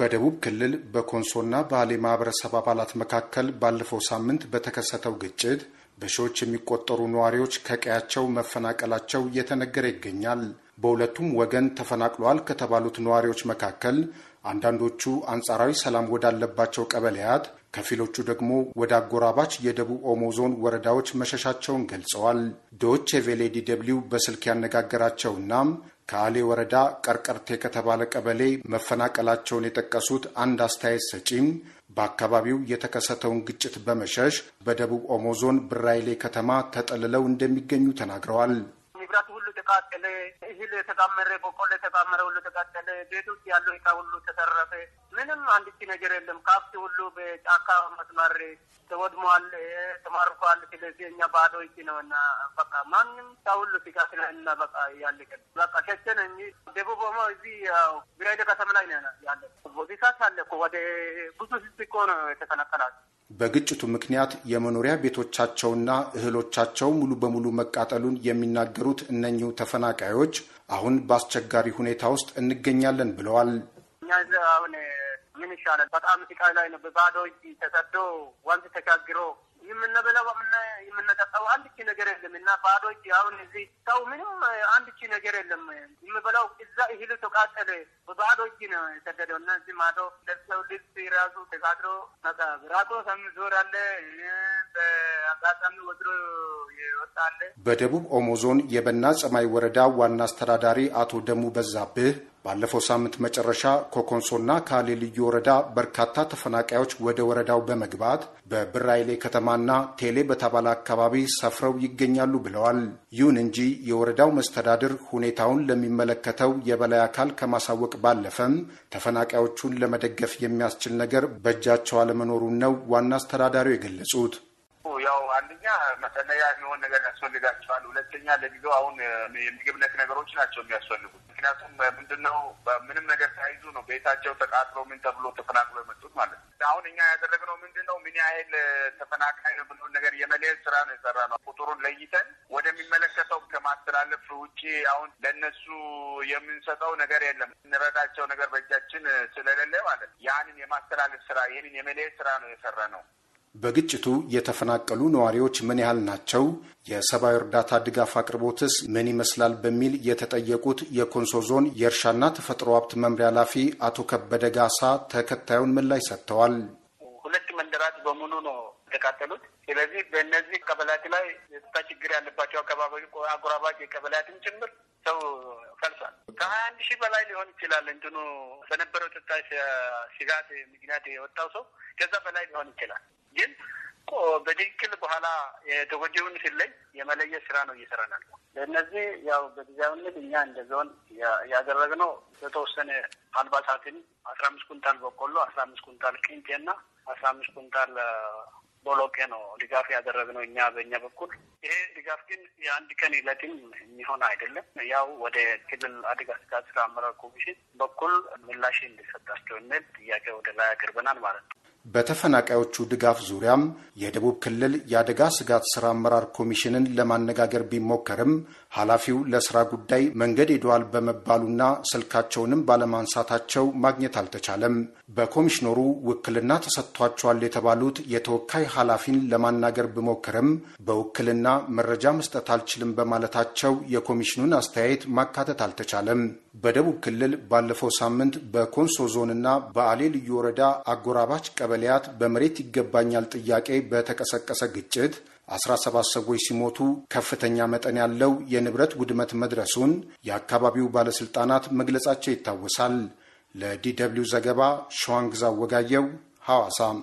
በደቡብ ክልል በኮንሶና በአሌ ማህበረሰብ አባላት መካከል ባለፈው ሳምንት በተከሰተው ግጭት በሺዎች የሚቆጠሩ ነዋሪዎች ከቀያቸው መፈናቀላቸው እየተነገረ ይገኛል። በሁለቱም ወገን ተፈናቅለዋል ከተባሉት ነዋሪዎች መካከል አንዳንዶቹ አንጻራዊ ሰላም ወዳለባቸው ቀበሌያት፣ ከፊሎቹ ደግሞ ወደ አጎራባች የደቡብ ኦሞ ዞን ወረዳዎች መሸሻቸውን ገልጸዋል። ዶች ቬሌ ዲ ደብልዩ በስልክ ያነጋገራቸውና ከአሌ ወረዳ ቀርቀርቴ ከተባለ ቀበሌ መፈናቀላቸውን የጠቀሱት አንድ አስተያየት ሰጪም በአካባቢው የተከሰተውን ግጭት በመሸሽ በደቡብ ኦሞ ዞን ብራይሌ ከተማ ተጠልለው እንደሚገኙ ተናግረዋል። ንብረቱ ሁሉ ተቃጠለ። እህል የተጣመረ በቆሎ የተጣመረ ሁሉ ተቃጠለ። ቤት ውስጥ ያለው እቃ ሁሉ ተዘረፈ። ምንም አንዲት ነገር የለም። ከብት ሁሉ በጫካ መስመር ተወድሟል፣ ተማርኳል። ስለዚህ እኛ ባዶ እጅ ነው እና በቃ ማንም ሰው ሁሉ ሲቃ ላይ እና በቃ ያለቀል በቃ ሸቸን እ ደቡብ ኦሞ እዚህ ብሬደ ከተማ ላይ ነው ያለ። ቦዚሳት አለ እኮ ወደ ብዙ ህዝብ እኮ ነው የተፈናቀላቸው በግጭቱ ምክንያት የመኖሪያ ቤቶቻቸውና እህሎቻቸው ሙሉ በሙሉ መቃጠሉን የሚናገሩት እነኚሁ ተፈናቃዮች አሁን በአስቸጋሪ ሁኔታ ውስጥ እንገኛለን ብለዋል። እኛ አሁን ምን ይሻላል? በጣም ስቃይ ላይ ነው። በባዶ እጅ ተሰዶ ወንዝ ተሻግሮ የምንበላው አንድ ቺ ነገር የለም እና ባዶ እጅ አሁን እዚህ ሰው ምንም አንድ ቺ ነገር የለም የምበላው እዛ እህሉ ተቃጠለ። በባዶ እጅ ነው የሰደደው እና እዚህ ማዶ ለብሰው ልብስ ራሱ ተቃጥሎ ራቶ ራቆ ዞር አለ። በአጋጣሚ ወድሮ ይወጣለ። በደቡብ ኦሞ ዞን የበና ጸማይ ወረዳ ዋና አስተዳዳሪ አቶ ደሙ በዛብህ ባለፈው ሳምንት መጨረሻ ከኮንሶና ካሌ ልዩ ወረዳ በርካታ ተፈናቃዮች ወደ ወረዳው በመግባት በብራይሌ ከተማና ቴሌ በተባለ አካባቢ ሰፍረው ይገኛሉ ብለዋል። ይሁን እንጂ የወረዳው መስተዳድር ሁኔታውን ለሚመለከተው የበላይ አካል ከማሳወቅ ባለፈም ተፈናቃዮቹን ለመደገፍ የሚያስችል ነገር በእጃቸው አለመኖሩን ነው ዋና አስተዳዳሪው የገለጹት። ያው አንደኛ መጠለያ የሚሆን ነገር ያስፈልጋቸዋል። ሁለተኛ ለጊዜው አሁን የምግብ ነክ ነገሮች ናቸው የሚያስፈልጉት ምክንያቱም ምንድነው ምንም ነገር ሳይዙ ነው ቤታቸው ተቃጥሎ ምን ተብሎ ተፈናቅሎ የመጡት ማለት ነው። አሁን እኛ ያደረግነው ምንድነው ምን ያህል ተፈናቃይ ነው ብሎ ነገር የመለየት ስራ ነው የሰራ ነው። ቁጥሩን ለይተን ወደሚመለከተው ከማስተላለፍ ውጭ አሁን ለእነሱ የምንሰጠው ነገር የለም እንረዳቸው ነገር በእጃችን ስለሌለ ማለት ያንን የማስተላለፍ ስራ ይህንን የመለየት ስራ ነው የሰራ ነው። በግጭቱ የተፈናቀሉ ነዋሪዎች ምን ያህል ናቸው? የሰብአዊ እርዳታ ድጋፍ አቅርቦትስ ምን ይመስላል? በሚል የተጠየቁት የኮንሶ ዞን የእርሻና ተፈጥሮ ሀብት መምሪያ ኃላፊ አቶ ከበደ ጋሳ ተከታዩን ምላሽ ሰጥተዋል። ሁለት መንደራት በሙሉ ነው የተቃጠሉት። ስለዚህ በእነዚህ ቀበሌያት ላይ የጸጥታ ችግር ያለባቸው አካባቢ አጎራባች የቀበሌያትም ጭምር ሰው ፈልሷል። ከሀያ አንድ ሺህ በላይ ሊሆን ይችላል። እንትኑ በነበረው ጸጥታ ስጋት ምክንያት የወጣው ሰው ከዛ በላይ ሊሆን ይችላል። ግን በትክክል በኋላ የተጎጂውን ሲለይ የመለየት ስራ ነው እየሰራናል። ለእነዚህ ያው በጊዜያዊነት እኛ እንደ ዞን ያደረግነው በተወሰነ አልባሳትን አስራ አምስት ኩንታል በቆሎ፣ አስራ አምስት ኩንታል ቅንጬ እና አስራ አምስት ኩንታል ቦሎቄ ነው ድጋፍ ያደረግነው እኛ በእኛ በኩል። ይሄ ድጋፍ ግን የአንድ ቀን ዕለትም የሚሆን አይደለም። ያው ወደ ክልል አደጋ ስጋት ስራ አመራር ኮሚሽን በኩል ምላሽ እንዲሰጣቸው የሚል ጥያቄ ወደ ላይ አቅርበናል ማለት ነው። በተፈናቃዮቹ ድጋፍ ዙሪያም የደቡብ ክልል የአደጋ ስጋት ስራ አመራር ኮሚሽንን ለማነጋገር ቢሞከርም ኃላፊው ለስራ ጉዳይ መንገድ ሄደዋል በመባሉና ስልካቸውንም ባለማንሳታቸው ማግኘት አልተቻለም። በኮሚሽነሩ ውክልና ተሰጥቷቸዋል የተባሉት የተወካይ ኃላፊን ለማናገር ብሞክርም በውክልና መረጃ መስጠት አልችልም በማለታቸው የኮሚሽኑን አስተያየት ማካተት አልተቻለም። በደቡብ ክልል ባለፈው ሳምንት በኮንሶ ዞንና በአሌ ልዩ ወረዳ አጎራባች ቀበ ቀበሌያት በመሬት ይገባኛል ጥያቄ በተቀሰቀሰ ግጭት 17 ሰዎች ሲሞቱ ከፍተኛ መጠን ያለው የንብረት ውድመት መድረሱን የአካባቢው ባለሥልጣናት መግለጻቸው ይታወሳል። ለዲ ደብልዩ ዘገባ ሸዋንግዛ ወጋየው ሐዋሳም